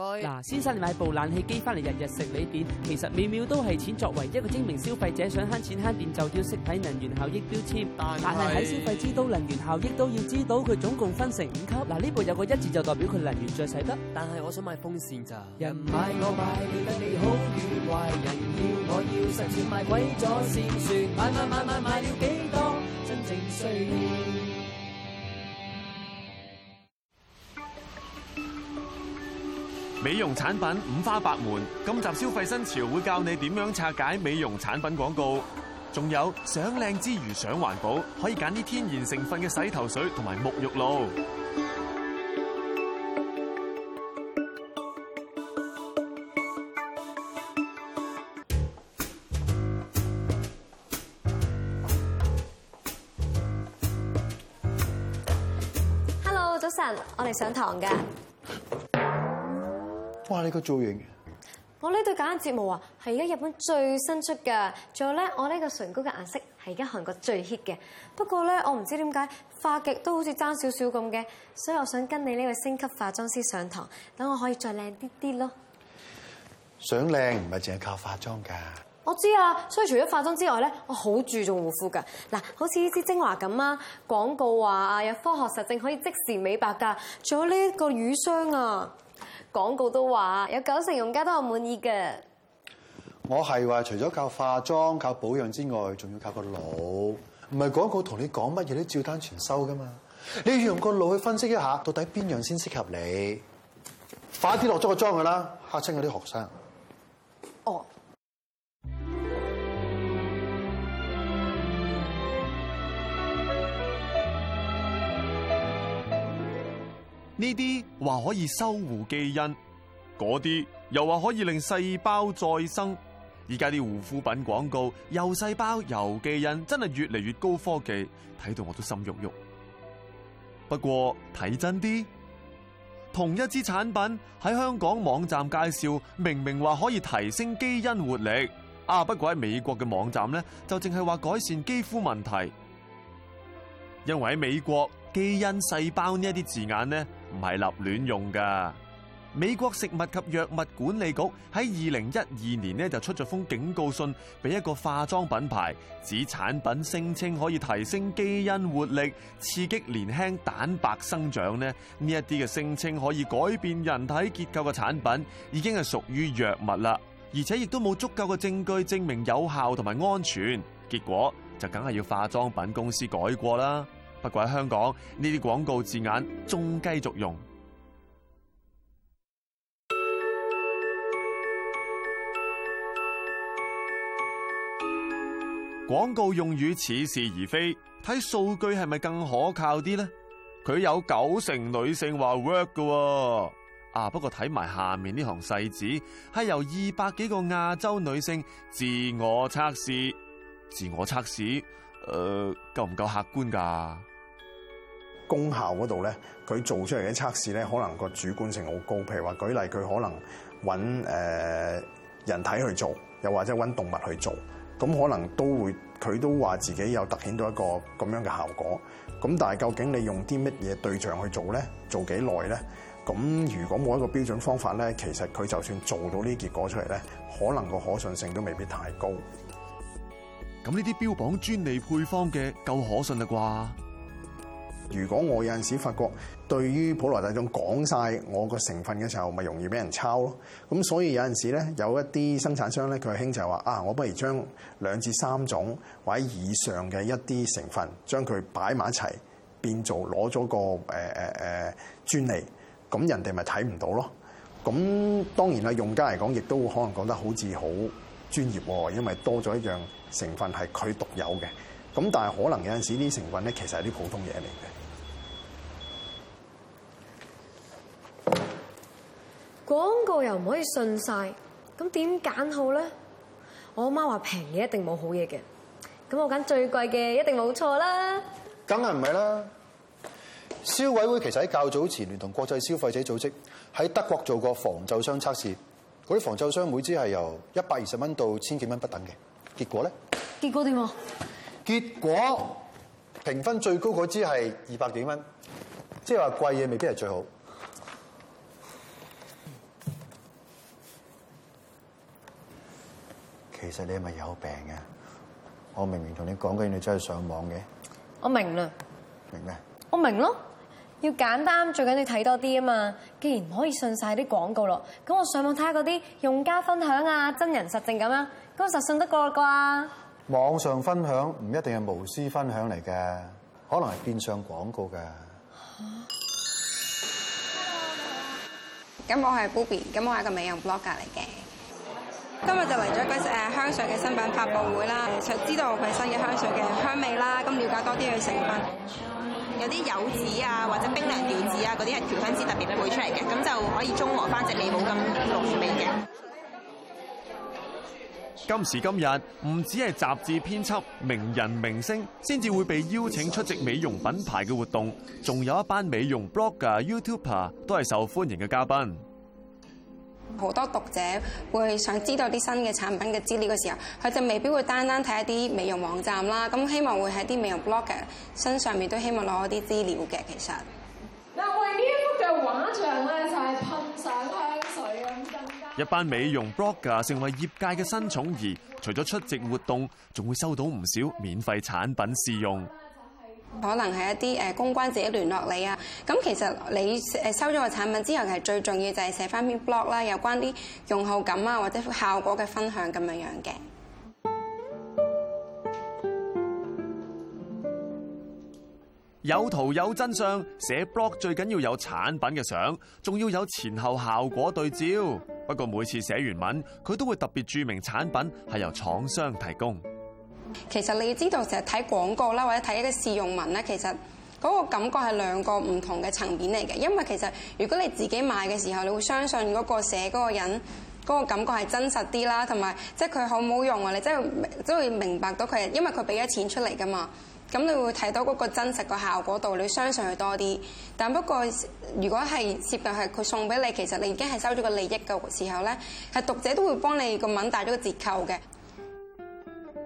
嗱，對先生你買部冷氣機翻嚟日日食你電，其實每秒都係錢。作為一個精明消費者，想慳錢慳電就要識睇能源效益標籤。但係是喺消費之道能源效益都要知道，佢總共分成五級。嗱，呢部有個一字就代表佢能源最使得。但係我想買風扇咋？人買我買理得你好與壞，人要我要實轉買鬼咗先算。買買買買買，買，買了幾多真正需要？美容產品五花八門，今集消費新潮會教你點樣拆解美容產品廣告還，仲有想靚之餘想環保，可以揀啲天然成分嘅洗頭水同埋沐浴露。Hello，早晨，我哋上堂噶。哇！你個造型，我呢對假眼睫毛啊，係而家日本最新出㗎。仲有咧，我呢個唇膏嘅顏色係而家韓國最 hit 嘅。不過咧，我唔知點解化極都好似爭少少咁嘅，所以我想跟你呢個星級化妝師上堂，等我可以再靚啲啲咯。想靚唔係淨係靠化妝㗎，我知啊。所以除咗化妝之外咧，我好注重護膚㗎。嗱，好似呢支精華咁啊，廣告話啊有科學實證可以即時美白㗎。仲有呢一個乳霜啊。廣告都話有九成用家都係滿意嘅。我係話除咗靠化妝、靠保養之外，仲要靠個腦。唔係廣告同你講乜嘢都照單全收㗎嘛？你要用個腦去分析一下，到底邊樣先適合你。快啲落咗個妝㗎啦，嚇親嗰啲學生。哦。呢啲話可以修護基因，嗰啲又話可以令細胞再生。而家啲護膚品廣告，又細胞又基因，真係越嚟越高科技，睇到我都心喐喐。不過睇真啲，同一支產品喺香港網站介紹，明明話可以提升基因活力，啊，不過喺美國嘅網站呢，就淨係話改善肌膚問題。因為喺美國。基因、細胞呢一啲字眼呢，唔係立亂用噶。美國食物及藥物管理局喺二零一二年呢，就出咗封警告信，俾一個化妝品牌，指產品聲稱可以提升基因活力、刺激年輕蛋白生長呢，呢一啲嘅聲稱可以改變人體結構嘅產品，已經係屬於藥物啦，而且亦都冇足夠嘅證據證明有效同埋安全。結果就梗係要化妝品公司改過啦。不過喺香港呢啲廣告字眼仲繼續用。廣告用語似是而非，睇數據係咪更可靠啲呢？佢有九成女性話 work 嘅喎，啊，不過睇埋下面呢行細字係由二百幾個亞洲女性自我測試，自我測試，誒夠唔夠客觀㗎？功效嗰度咧，佢做出嚟嘅測試咧，可能個主觀性好高。譬如話舉例佢可能揾誒、呃、人體去做，又或者揾動物去做，咁可能都會，佢都話自己有凸顯到一個咁樣嘅效果。咁但係究竟你用啲乜嘢對象去做咧？做幾耐咧？咁如果冇一個標準方法咧，其實佢就算做到呢啲結果出嚟咧，可能個可信性都未必太高。咁呢啲標榜專利配方嘅夠可信啦啩？如果我有陣時發覺對於普羅大眾講晒我個成分嘅時候，咪容易俾人抄咯。咁所以有陣時咧，有一啲生產商咧，佢嘅興就話啊，我不如將兩至三種或者以上嘅一啲成分，將佢擺埋一齊，變做攞咗個誒、呃呃、專利，咁人哋咪睇唔到咯。咁當然啦，用家嚟講，亦都可能覺得好似好專業喎，因為多咗一樣成分係佢獨有嘅。咁但係可能有陣時啲成分咧，其實係啲普通嘢嚟嘅。廣告又唔可以信晒，咁點揀好咧？我媽話平嘢一定冇好嘢嘅，咁我揀最貴嘅一定冇錯啦。梗係唔係啦？消委會其實喺較早前聯同國際消費者組織喺德國做過防皺霜測試，嗰啲防皺霜每支係由一百二十蚊到千幾蚊不等嘅。結果咧？結果點啊？結果評分最高嗰支係二百幾蚊，即係話貴嘢未必係最好。其實你係咪有病嘅？我明明同你講緊你真係上網嘅。我明啦。明咩？我明咯。要簡單，最緊要睇多啲啊嘛。既然唔可以信晒啲廣告咯，咁我上網睇下嗰啲用家分享啊，真人實證咁啊，咁就信得過啩。網上分享唔一定係無私分享嚟嘅，可能係變相廣告噶。咁我係 Bobby，咁我係一個美容 Vlogger 嚟嘅。今日就嚟咗一個香水嘅新品發布會啦，想知道佢新嘅香水嘅香味啦，咁了解多啲去成分。有啲柚子啊，或者冰涼柚子啊，嗰啲係調香師特別配出嚟嘅，咁就可以中和翻隻味冇咁濃味嘅。今時今日，唔止係雜誌編輯、名人、明星先至會被邀請出席美容品牌嘅活動，仲有一班美容 Blogger、Youtuber 都係受歡迎嘅嘉賓。好多讀者會想知道啲新嘅產品嘅資料嘅時候，佢就未必會單單睇一啲美容網站啦。咁希望會喺啲美容 blog 嘅身上面都希望攞一啲資料嘅。其實，嗱我呢一幅嘅畫像咧就係噴上香水咁增加。一班美容 blogger 成為業界嘅新寵兒，除咗出席活動，仲會收到唔少免費產品試用。可能係一啲公關自己聯絡你啊，咁其實你收咗個產品之後，其實最重要就係寫翻篇 blog 啦，有關啲用後感啊或者效果嘅分享咁樣樣嘅。有圖有真相，寫 blog 最緊要有產品嘅相，仲要有前後效果對照。不過每次寫完文，佢都會特別註明產品係由廠商提供。其實你要知道，成日睇廣告啦，或者睇一個試用文咧，其實嗰個感覺係兩個唔同嘅層面嚟嘅。因為其實如果你自己買嘅時候，你會相信嗰個寫嗰個人，嗰個感覺係真實啲啦，同埋即係佢好唔好用啊？你真係即係會明白到佢，因為佢俾咗錢出嚟噶嘛。咁你會睇到嗰個真實個效果度，你相信佢多啲。但不過，如果係涉及係佢送俾你，其實你已經係收咗個利益嘅時候咧，係讀者都會幫你個文帶咗個折扣嘅。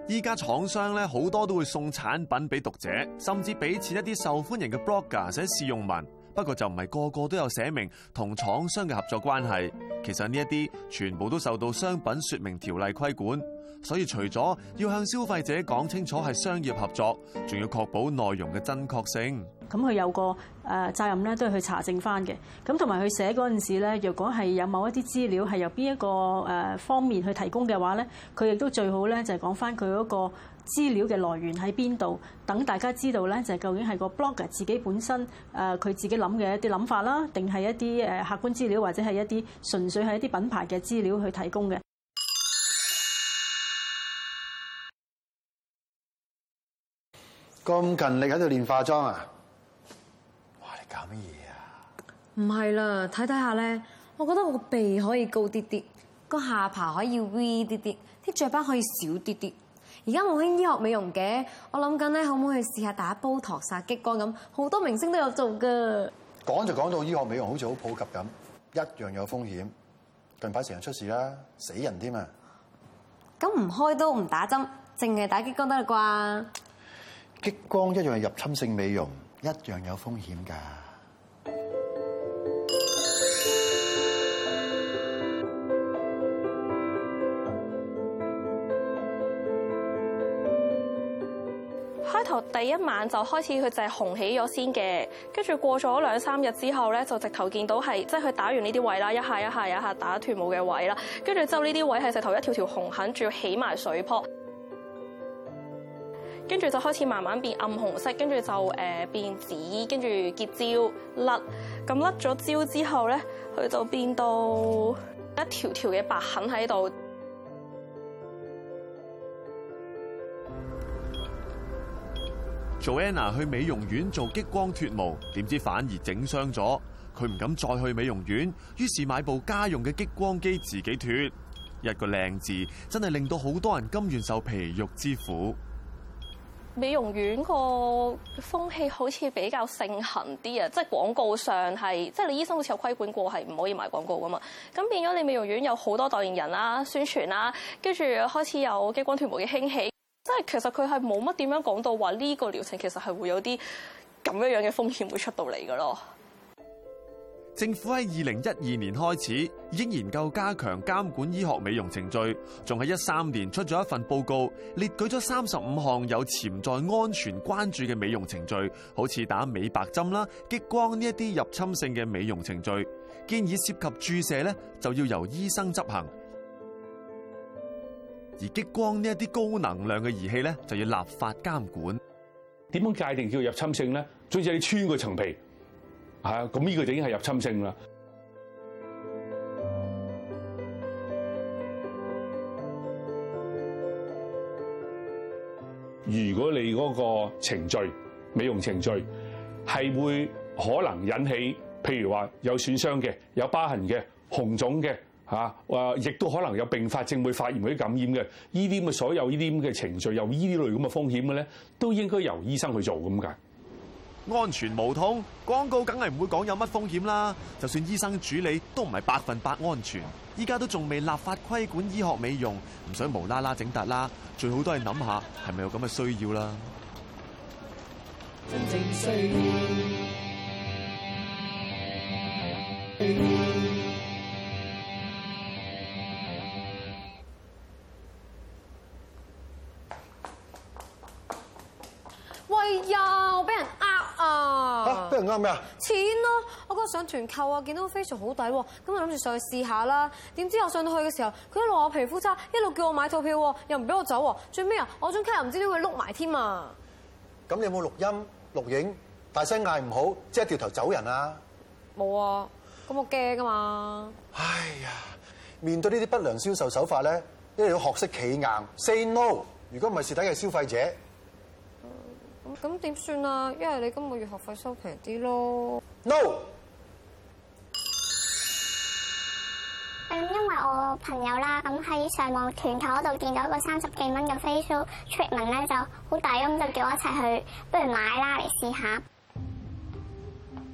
依家廠商咧，好多都會送產品俾讀者，甚至俾錢一啲受歡迎嘅 blogger 寫試用文。不過就唔係個個都有寫明同廠商嘅合作關係。其實呢一啲全部都受到商品說明條例規管。所以除咗要向消費者講清楚係商業合作，仲要確保內容嘅真確性。咁佢有個誒責任咧，都係去查證翻嘅。咁同埋佢寫嗰陣時咧，若果係有某一啲資料係由邊一個誒方面去提供嘅話咧，佢亦都最好咧就係講翻佢嗰個資料嘅來源喺邊度，等大家知道咧就係究竟係個 blogger 自己本身誒佢自己諗嘅一啲諗法啦，定係一啲誒客觀資料，或者係一啲純粹係一啲品牌嘅資料去提供嘅。咁勤力喺度練化妝啊！哇，你搞乜嘢啊？唔係啦，睇睇下咧，我覺得我個鼻可以高啲啲，個下巴可以 V 啲啲，啲雀斑可以少啲啲。而家我興醫學美容嘅，我諗緊咧，可唔可以試下打煲托殺激光咁？好多明星都有做噶。講就講到醫學美容好似好普及咁，一樣有風險。近排成日出事啦，死人添啊！咁唔開刀唔打針，淨係打激光得啦啩？激光一樣係入侵性美容，一樣有風險㗎。開頭第一晚就開始，佢就係紅起咗先嘅，跟住過咗兩三日之後咧，就直頭見到係即係佢打完呢啲位啦，一下一下一下打脫毛嘅位啦，跟住之後呢啲位係直頭一條條紅痕，仲要起埋水泡。跟住就開始慢慢變暗紅色，跟住就誒變紫，跟住結焦甩咁，甩咗焦之後咧，佢就變到一條條嘅白痕喺度。Joanna 去美容院做激光脱毛，點知反而整傷咗佢，唔敢再去美容院，於是買部家用嘅激光機自己脱。一個靚字，真係令到好多人甘願受皮肉之苦。美容院個風氣好似比較盛行啲啊，即係廣告上係，即係你醫生好似有規管過，係唔可以賣廣告㗎嘛。咁變咗你美容院有好多代言人啦、啊、宣傳啦、啊，跟住開始有激光脱毛嘅興起，即係其實佢係冇乜點樣講到話呢個療程其實係會有啲咁樣樣嘅風險會出到嚟㗎咯。政府喺二零一二年開始已經研究加強監管醫學美容程序，仲喺一三年出咗一份報告，列舉咗三十五項有潛在安全關注嘅美容程序，好似打美白針啦、激光呢一啲入侵性嘅美容程序，建議涉及注射咧就要由醫生執行，而激光呢一啲高能量嘅儀器咧就要立法監管。點樣界定叫入侵性咧？最緊要係穿個層皮。係啊，咁呢個已經係入侵性啦。如果你嗰個程序美容程序係會可能引起，譬如話有損傷嘅、有疤痕嘅、紅腫嘅，嚇、啊、誒，亦都可能有併發症會發炎、會感染嘅。呢啲咁嘅所有呢啲咁嘅程序有呢啲類咁嘅風險嘅咧，都應該由醫生去做咁解。安全無痛，廣告梗係唔會講有乜風險啦。就算醫生處理都唔係百分百安全，依家都仲未立法規管醫學美容，唔想無啦啦整達啦，最好都係諗下係咪有咁嘅需要啦。真正需要。咩啊？錢咯！我嗰日上團購啊，見到 Face 好抵喎，咁我諗住上去試下啦。點知我上到去嘅時候，佢一路話我皮膚差，一路叫我買套票，又唔俾我走。最尾啊，我張卡又唔知點會碌埋添啊！咁你有冇錄音、錄影？大聲嗌唔好，即係掉頭走人啊！冇啊！咁我驚噶嘛！哎呀，面對呢啲不良銷售手法咧，一定要學識企硬，say no。如果唔係，蝕底嘅消費者。咁點算啊？因為你今個月學費收平啲咯。No、嗯。因為我朋友啦，咁喺上網團購嗰度見到一個三十幾蚊嘅 Facebook Treatment，咧，就好抵咁就叫我一齊去，不如買啦嚟試下。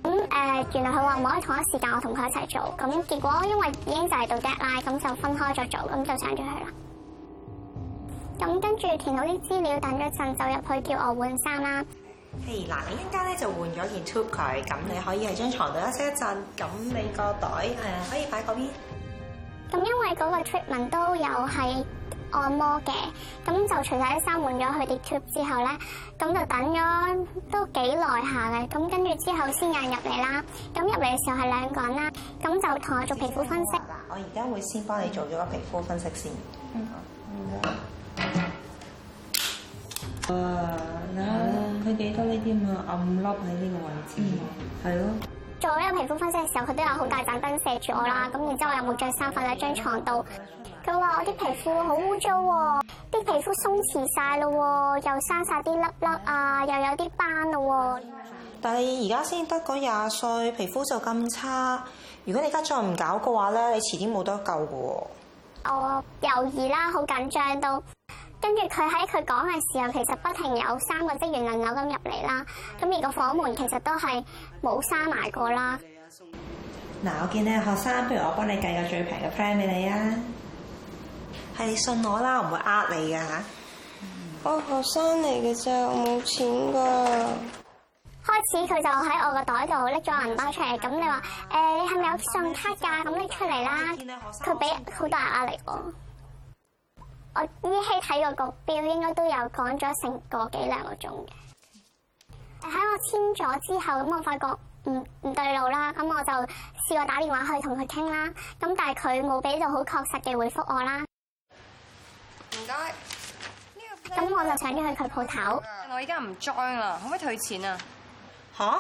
咁、嗯、誒、呃，原來佢話唔可以同一時間我同佢一齊做，咁結果因為已經就嚟到 deadline，咁就分開咗做，咁就散咗去啦。咁跟住填好啲資料，等咗陣就入去叫我換衫啦。誒、hey，嗱，你一陣間咧就換咗件 tube 佢，咁你可以喺張牀度休息一陣，咁你個袋誒、呃、可以擺個邊？咁因為嗰個 treatment 都有係按摩嘅，咁就除晒啲衫換咗佢哋 tube 之後咧，咁就等咗都幾耐下嘅，咁跟住之後先入入嚟啦。咁入嚟嘅時候係兩個人啦，咁就同我做皮膚分析。我而家會先幫你做咗個皮膚分析先。嗯。嗯。啊啦，佢幾多呢啲嘛？暗粒喺呢個位置，係咯。做呢個皮膚分析嘅時候，佢都有好大盞燈射住我啦。咁然之後我有冇，嗯嗯嗯嗯、我又冇着衫瞓喺張牀度。佢話我啲皮膚好污糟，啲皮膚鬆弛晒咯、啊，又生晒啲粒粒啊，又有啲斑咯、啊。但係而家先得嗰廿歲，皮膚就咁差。如果你而家再唔搞嘅話咧，你遲啲冇得救噶。我猶豫啦，好緊張到。跟住佢喺佢講嘅時候，其實不停有三個職員輪流咁入嚟啦。咁而個房門其實都係冇閂埋過啦。嗱，我見你學生，不如我幫你計個最平嘅 plan 俾你啊。係你信我啦，我唔會呃你㗎。嚇、嗯哦。學生嚟嘅啫，我冇錢噶。開始佢就喺我個袋度拎咗個銀包出嚟，咁、嗯、你話、呃、你係咪有信用卡？咁拎出嚟啦。佢俾好大壓力。我依稀睇個局標應該都有講咗成個幾兩個鐘嘅。喺我簽咗之後，咁我發覺唔唔對路啦，咁我就試過打電話去同佢傾啦，咁但係佢冇俾到好確實嘅回復我啦。唔該。咁、這個、我就想要去佢鋪頭。我依家唔 join 啦，可唔可以退錢啊？吓、啊？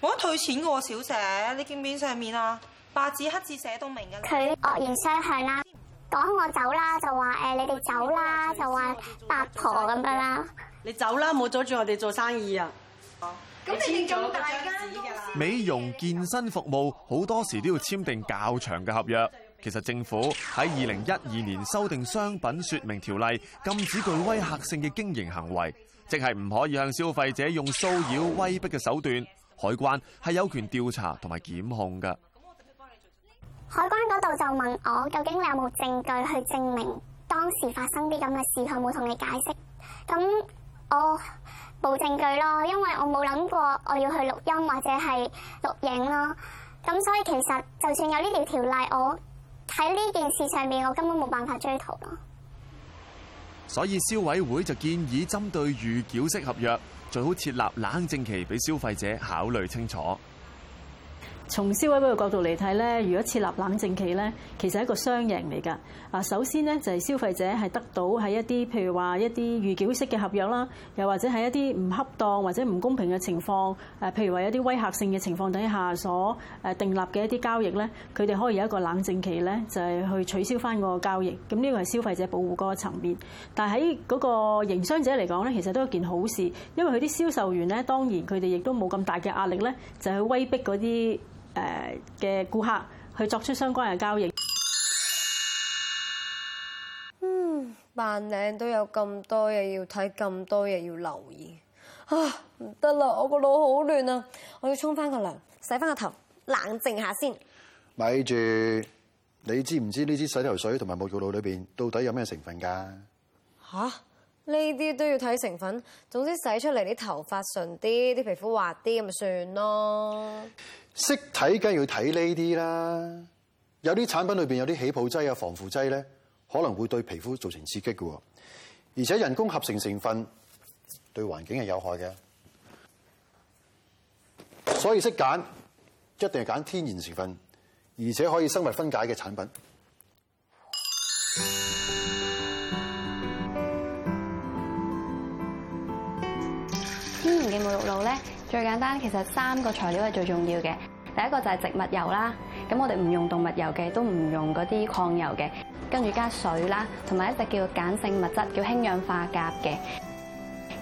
冇得退錢喎，小姐，你見唔見上面啊？白紙黑字寫到明嘅。佢惡言相向啦。講我走啦，就話誒、欸，你哋走啦，就話八婆咁樣啦。你走啦，冇阻住我哋做生意啊！咁你哋咁大間。美容健身服務好多時都要簽訂較長嘅合約。其實政府喺二零一二年修訂商品說明條例，禁止具威吓性嘅經營行為，即係唔可以向消費者用騷擾、威逼嘅手段。海關係有權調查同埋檢控㗎。海關嗰度就問我究竟你有冇證據去證明當時發生啲咁嘅事，佢冇同你解釋。咁我冇證據咯，因為我冇諗過我要去錄音或者係錄影咯，咁所以其實就算有呢條條例，我喺呢件事上面我根本冇辦法追討咯，所以消委會就建議針對預繳式合約，最好設立冷靜期俾消費者考慮清楚。從消委會嘅角度嚟睇咧，如果設立冷靜期咧，其實係一個雙贏嚟㗎。嗱，首先咧就係消費者係得到喺一啲譬如話一啲預繳式嘅合約啦，又或者喺一啲唔恰當或者唔公平嘅情況，誒譬如話一啲威嚇性嘅情況底下所誒訂立嘅一啲交易咧，佢哋可以有一個冷靜期咧，就係去取消翻個交易。咁呢個係消費者保護嗰個層面。但係喺嗰個營商者嚟講咧，其實都係件好事，因為佢啲銷售員咧，當然佢哋亦都冇咁大嘅壓力咧，就係去威逼嗰啲。誒嘅顧客去作出相關嘅交易。嗯，扮靚都有咁多嘢要睇，咁多嘢要留意。啊，唔得啦，我個腦好亂啊！我要沖翻個涼，洗翻個頭，冷靜下先。咪住，你知唔知呢支洗頭水同埋沐浴露裏邊到底有咩成分㗎？吓、啊！呢啲都要睇成分，總之洗出嚟啲頭髮順啲，啲皮膚滑啲咁咪算咯。識睇梗係要睇呢啲啦，有啲產品裏面有啲起泡劑啊、防腐劑咧，可能會對皮膚造成刺激嘅，而且人工合成成分對環境係有害嘅，所以識揀一定要揀天然成分，而且可以生物分解嘅產品。咧，最簡單，其實三個材料係最重要嘅。第一個就係植物油啦，咁我哋唔用動物油嘅，都唔用嗰啲礦油嘅，跟住加水啦，同埋一隻叫鹼性物質，叫氫氧化鉀嘅。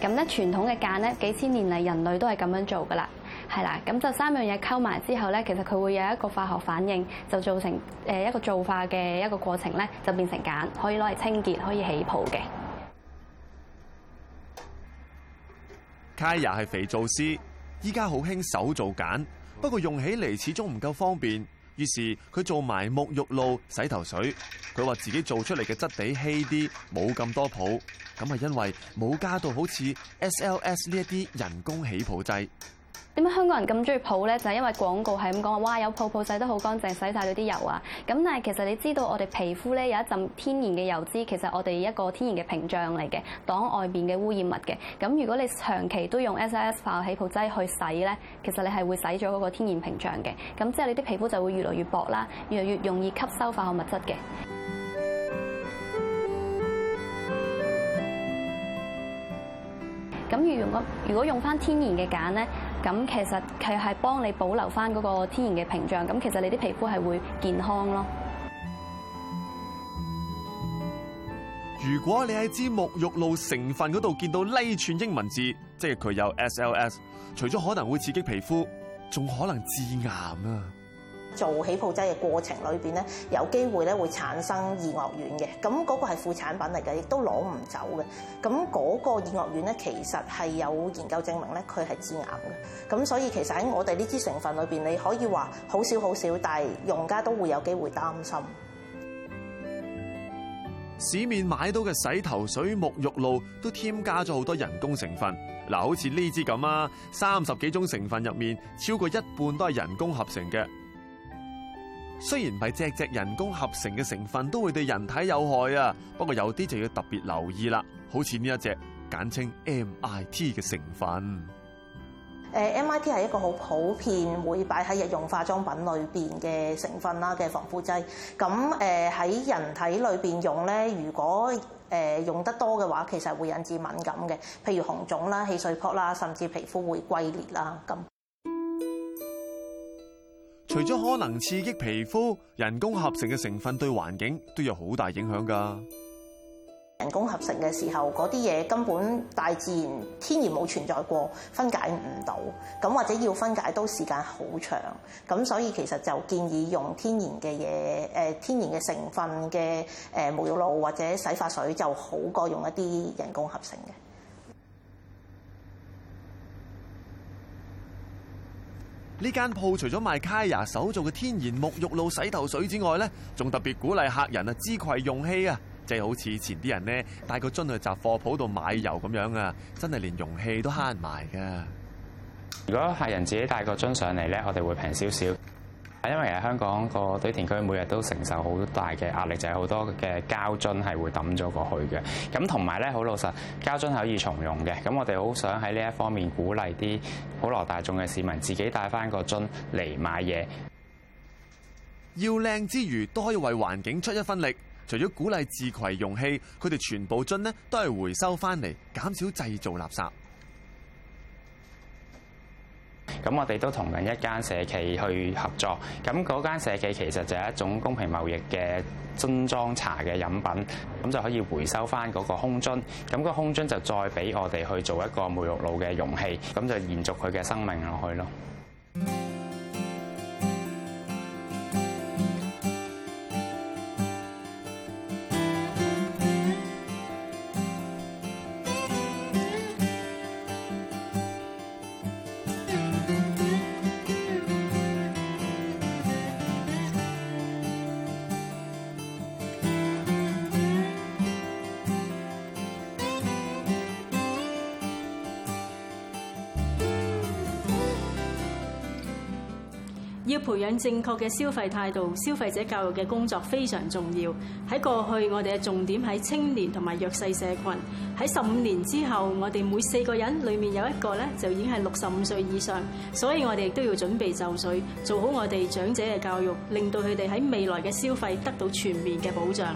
咁咧傳統嘅鹼咧幾千年嚟人類都係咁樣做噶啦，係啦。咁就三樣嘢溝埋之後咧，其實佢會有一個化學反應，就造成誒一個皂化嘅一個過程咧，就變成鹼，可以攞嚟清潔，可以起泡嘅。Kaya 係肥皂師，依家好興手做梘，不過用起嚟始終唔夠方便。於是佢做埋沐浴露、洗頭水。佢話自己做出嚟嘅質地稀啲，冇咁多泡，咁係因為冇加到好似 SLS 呢一啲人工起泡劑。點解香港人咁中意泡咧？就係因為廣告係咁講話，哇！有泡泡洗得好乾淨，洗晒到啲油啊！咁但係其實你知道，我哋皮膚咧，有一陣天然嘅油脂，其實是我哋一個天然嘅屏障嚟嘅，擋外邊嘅污染物嘅。咁如果你長期都用 SLS 化學起泡劑去洗咧，其實你係會洗咗嗰個天然屏障嘅。咁之後你啲皮膚就會越嚟越薄啦，越嚟越容易吸收化學物質嘅。咁如果如果用翻天然嘅鹼咧？咁其實佢係幫你保留返嗰個天然嘅屏障，咁其實你啲皮膚係會健康咯。如果你喺支沐浴露成分嗰度見到呢串英文字，即係佢有 SLS，除咗可能會刺激皮膚，仲可能致癌啊！做起泡劑嘅過程裏邊咧，有機會咧會產生二惡烷嘅。咁嗰個係副產品嚟嘅，亦都攞唔走嘅。咁嗰個二惡烷咧，其實係有研究證明咧，佢係致癌嘅。咁所以其實喺我哋呢支成分裏邊，你可以話好少好少，但係用家都會有機會擔心。市面買到嘅洗頭水、沐浴露都添加咗好多人工成分嗱，好似呢支咁啊，三十幾種成分入面，超過一半都係人工合成嘅。雖然唔係隻隻人工合成嘅成分都會對人體有害啊，不過有啲就要特別留意啦。好似呢一隻簡稱 M I T 嘅成分，誒，M I T 係一個好普遍會擺喺日用化妝品裏邊嘅成分啦嘅防腐劑。咁誒喺人體裏邊用咧，如果誒、uh, 用得多嘅話，其實會引致敏感嘅，譬如紅腫啦、起水泡啦，甚至皮膚會龜裂啦咁。除咗可能刺激皮膚，人工合成嘅成分對環境都有好大影響㗎，人工合成嘅時候，嗰啲嘢根本大自然天然冇存在過，分解唔到咁，或者要分解都時間好長，咁所以其實就建議用天然嘅嘢，誒、呃、天然嘅成分嘅誒沐浴露或者洗髮水就好過用一啲人工合成嘅。呢間鋪除咗賣 Kaya 手做嘅天然沐浴露、洗頭水之外咧，仲特別鼓勵客人啊，自攜容器啊，即係好似前啲人咧帶個樽去雜貨鋪度買油咁樣啊，真係連容器都慳埋噶。如果客人自己帶個樽上嚟咧，我哋會平少少。因為香港個堆填區每日都承受好大嘅壓力，就係好多嘅膠樽係會抌咗過去嘅。咁同埋咧，好老實，膠樽係可以重用嘅。咁我哋好想喺呢一方面鼓勵啲普羅大眾嘅市民自己帶翻個樽嚟買嘢，要靚之餘都可以為環境出一分力。除咗鼓勵自攜容器，佢哋全部樽呢都係回收翻嚟，減少製造垃圾。咁我哋都同緊一間社企去合作，咁嗰間社企其實就係一種公平貿易嘅樽裝茶嘅飲品，咁就可以回收翻嗰個空樽，咁個空樽就再俾我哋去做一個沐浴露嘅容器，咁就延續佢嘅生命落去咯。要培養正確嘅消費態度，消費者教育嘅工作非常重要。喺過去，我哋嘅重點喺青年同埋弱勢社群。喺十五年之後，我哋每四個人裏面有一個咧，就已經係六十五歲以上，所以我哋亦都要準備就緒，做好我哋長者嘅教育，令到佢哋喺未來嘅消費得到全面嘅保障。